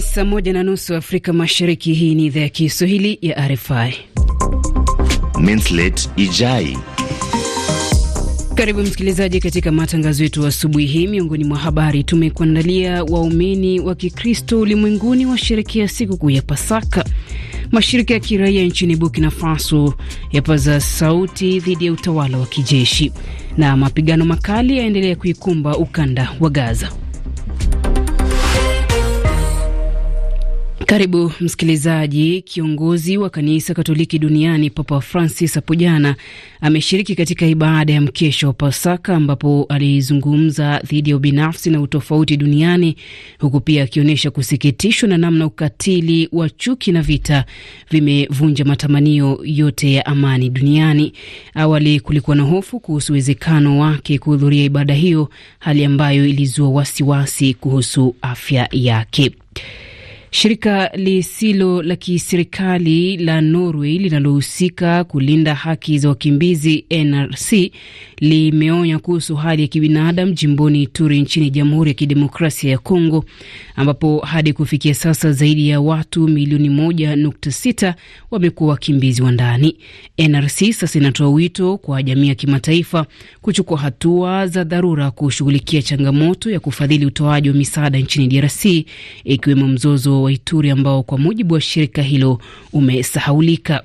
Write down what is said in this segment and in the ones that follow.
saa moja na nusu Afrika Mashariki. Hii ni idhaa ya Kiswahili ya RFI. Mintlet Ijai. Karibu msikilizaji, katika matangazo yetu asubuhi hii. Miongoni mwa habari tumekuandalia: waumini wa Kikristo ulimwenguni washerekea sikukuu ya Pasaka, mashirika ya kiraia nchini Burkina Faso yapaza sauti dhidi ya utawala wa kijeshi, na mapigano makali yaendelea kuikumba ukanda wa Gaza. Karibu msikilizaji. Kiongozi wa kanisa Katoliki duniani Papa Francis hapo jana ameshiriki katika ibada ya mkesho wa Pasaka ambapo alizungumza dhidi ya ubinafsi na utofauti duniani huku pia akionyesha kusikitishwa na namna ukatili wa chuki na vita vimevunja matamanio yote ya amani duniani. Awali kulikuwa na hofu kuhusu uwezekano wake kuhudhuria ibada hiyo, hali ambayo ilizua wasiwasi kuhusu afya yake. Shirika lisilo la kiserikali la Norway linalohusika kulinda haki za wakimbizi NRC limeonya kuhusu hali ya kibinadamu jimboni turi nchini Jamhuri ya Kidemokrasia ya Kongo, ambapo hadi kufikia sasa zaidi ya watu milioni 16 wamekuwa wakimbizi wa ndani. NRC sasa inatoa wito kwa jamii ya kimataifa kuchukua hatua za dharura kushughulikia changamoto ya kufadhili utoaji wa misaada nchini DRC ikiwemo mzozo wa Ituri ambao kwa mujibu wa shirika hilo umesahaulika.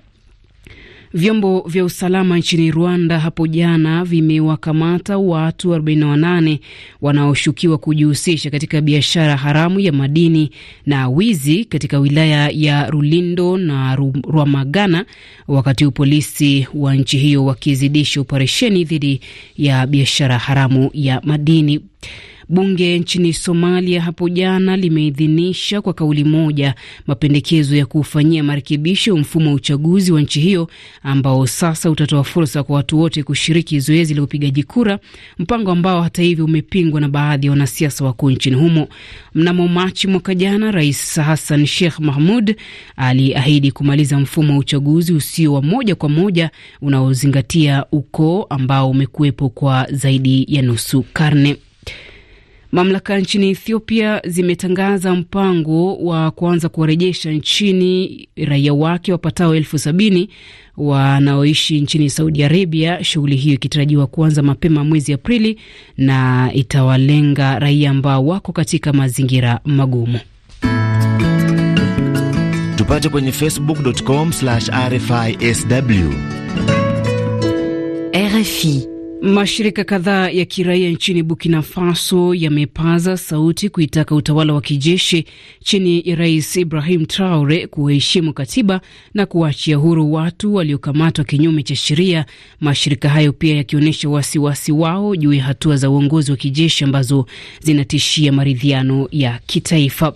Vyombo vya usalama nchini Rwanda hapo jana vimewakamata watu 48 wanaoshukiwa kujihusisha katika biashara haramu ya madini na wizi katika wilaya ya Rulindo na Rwamagana, wakati huu polisi wa nchi hiyo wakizidisha operesheni dhidi ya biashara haramu ya madini. Bunge nchini Somalia hapo jana limeidhinisha kwa kauli moja mapendekezo ya kufanyia marekebisho mfumo wa uchaguzi wa nchi hiyo ambao sasa utatoa fursa kwa watu wote kushiriki zoezi la upigaji kura, mpango ambao hata hivyo umepingwa na baadhi ya wanasiasa wakuu nchini humo. Mnamo Machi mwaka jana, Rais Hassan Sheikh Mahmud aliahidi kumaliza mfumo wa uchaguzi usio wa moja kwa moja unaozingatia ukoo ambao umekuwepo kwa zaidi ya nusu karne. Mamlaka nchini Ethiopia zimetangaza mpango wa kuanza kuwarejesha nchini raia wake wapatao elfu sabini wanaoishi nchini Saudi Arabia, shughuli hiyo ikitarajiwa kuanza mapema mwezi Aprili na itawalenga raia ambao wako katika mazingira magumu. Tupate kwenye facebook.com/rfisw RFI. Mashirika kadhaa ya kiraia nchini Burkina Faso yamepaza sauti kuitaka utawala wa kijeshi chini ya Rais Ibrahim Traore kuheshimu katiba na kuwaachia huru watu waliokamatwa kinyume cha sheria, mashirika hayo pia yakionyesha wasiwasi wao juu ya hatua za uongozi wa kijeshi ambazo zinatishia maridhiano ya kitaifa.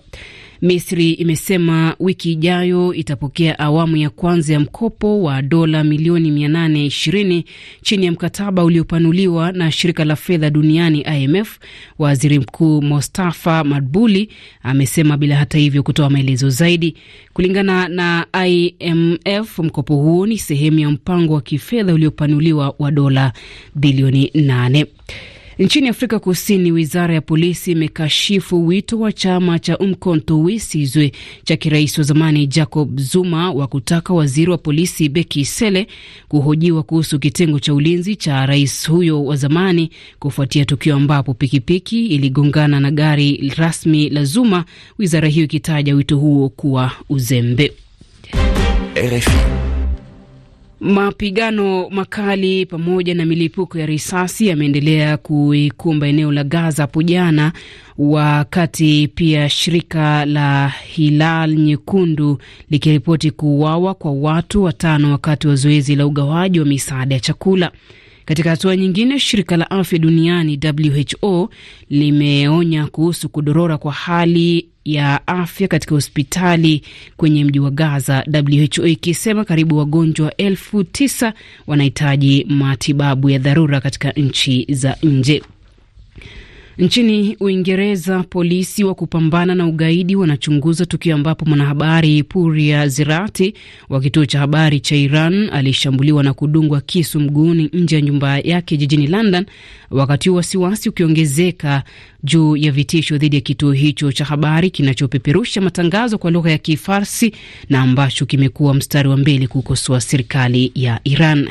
Misri imesema wiki ijayo itapokea awamu ya kwanza ya mkopo wa dola milioni 820 chini ya mkataba uliopanuliwa na shirika la fedha duniani IMF. Waziri Mkuu Mostafa Madbuli amesema bila hata hivyo kutoa maelezo zaidi. Kulingana na IMF, mkopo huo ni sehemu ya mpango wa kifedha uliopanuliwa wa dola bilioni 8. Nchini Afrika Kusini, wizara ya polisi imekashifu wito wa chama cha Umkhonto wisizwe cha kirais wa zamani Jacob Zuma wa kutaka waziri wa polisi Beki Sele kuhojiwa kuhusu kitengo cha ulinzi cha rais huyo wa zamani kufuatia tukio ambapo pikipiki iligongana na gari rasmi la Zuma, wizara hiyo ikitaja wito huo kuwa uzembe. RFI. Mapigano makali pamoja na milipuko ya risasi yameendelea kuikumba eneo la Gaza hapo jana, wakati pia shirika la Hilal Nyekundu likiripoti kuuawa kwa watu watano wakati wa zoezi la ugawaji wa misaada ya chakula. Katika hatua nyingine, shirika la afya duniani WHO limeonya kuhusu kudorora kwa hali ya afya katika hospitali kwenye mji wa Gaza, WHO ikisema karibu wagonjwa elfu tisa wanahitaji matibabu ya dharura katika nchi za nje. Nchini Uingereza, polisi wa kupambana na ugaidi wanachunguza tukio ambapo mwanahabari Puria Zirati wa kituo cha habari cha Iran alishambuliwa na kudungwa kisu mguuni nje ya nyumba yake jijini London, wakati huu wasiwasi ukiongezeka juu ya vitisho dhidi ya kituo hicho cha habari kinachopeperusha matangazo kwa lugha ya Kifarsi na ambacho kimekuwa mstari wa mbele kukosoa serikali ya Iran.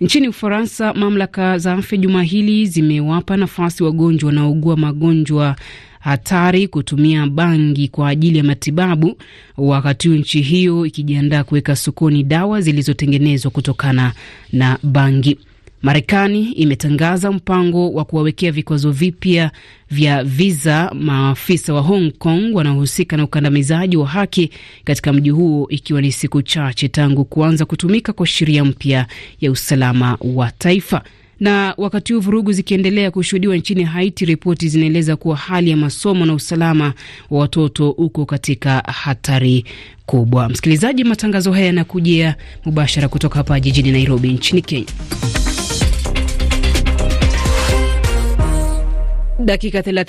Nchini Ufaransa, mamlaka za afya juma hili zimewapa nafasi wagonjwa na wanaougua magonjwa hatari kutumia bangi kwa ajili ya matibabu, wakati huu nchi hiyo ikijiandaa kuweka sokoni dawa zilizotengenezwa kutokana na bangi. Marekani imetangaza mpango wa kuwawekea vikwazo vipya vya viza maafisa wa Hong Kong wanaohusika na ukandamizaji wa haki katika mji huo, ikiwa ni siku chache tangu kuanza kutumika kwa sheria mpya ya usalama wa taifa. Na wakati huu vurugu zikiendelea kushuhudiwa nchini Haiti, ripoti zinaeleza kuwa hali ya masomo na usalama wa watoto uko katika hatari kubwa. Msikilizaji, matangazo haya yanakujia mubashara kutoka hapa jijini Nairobi nchini Kenya. Dakika 30.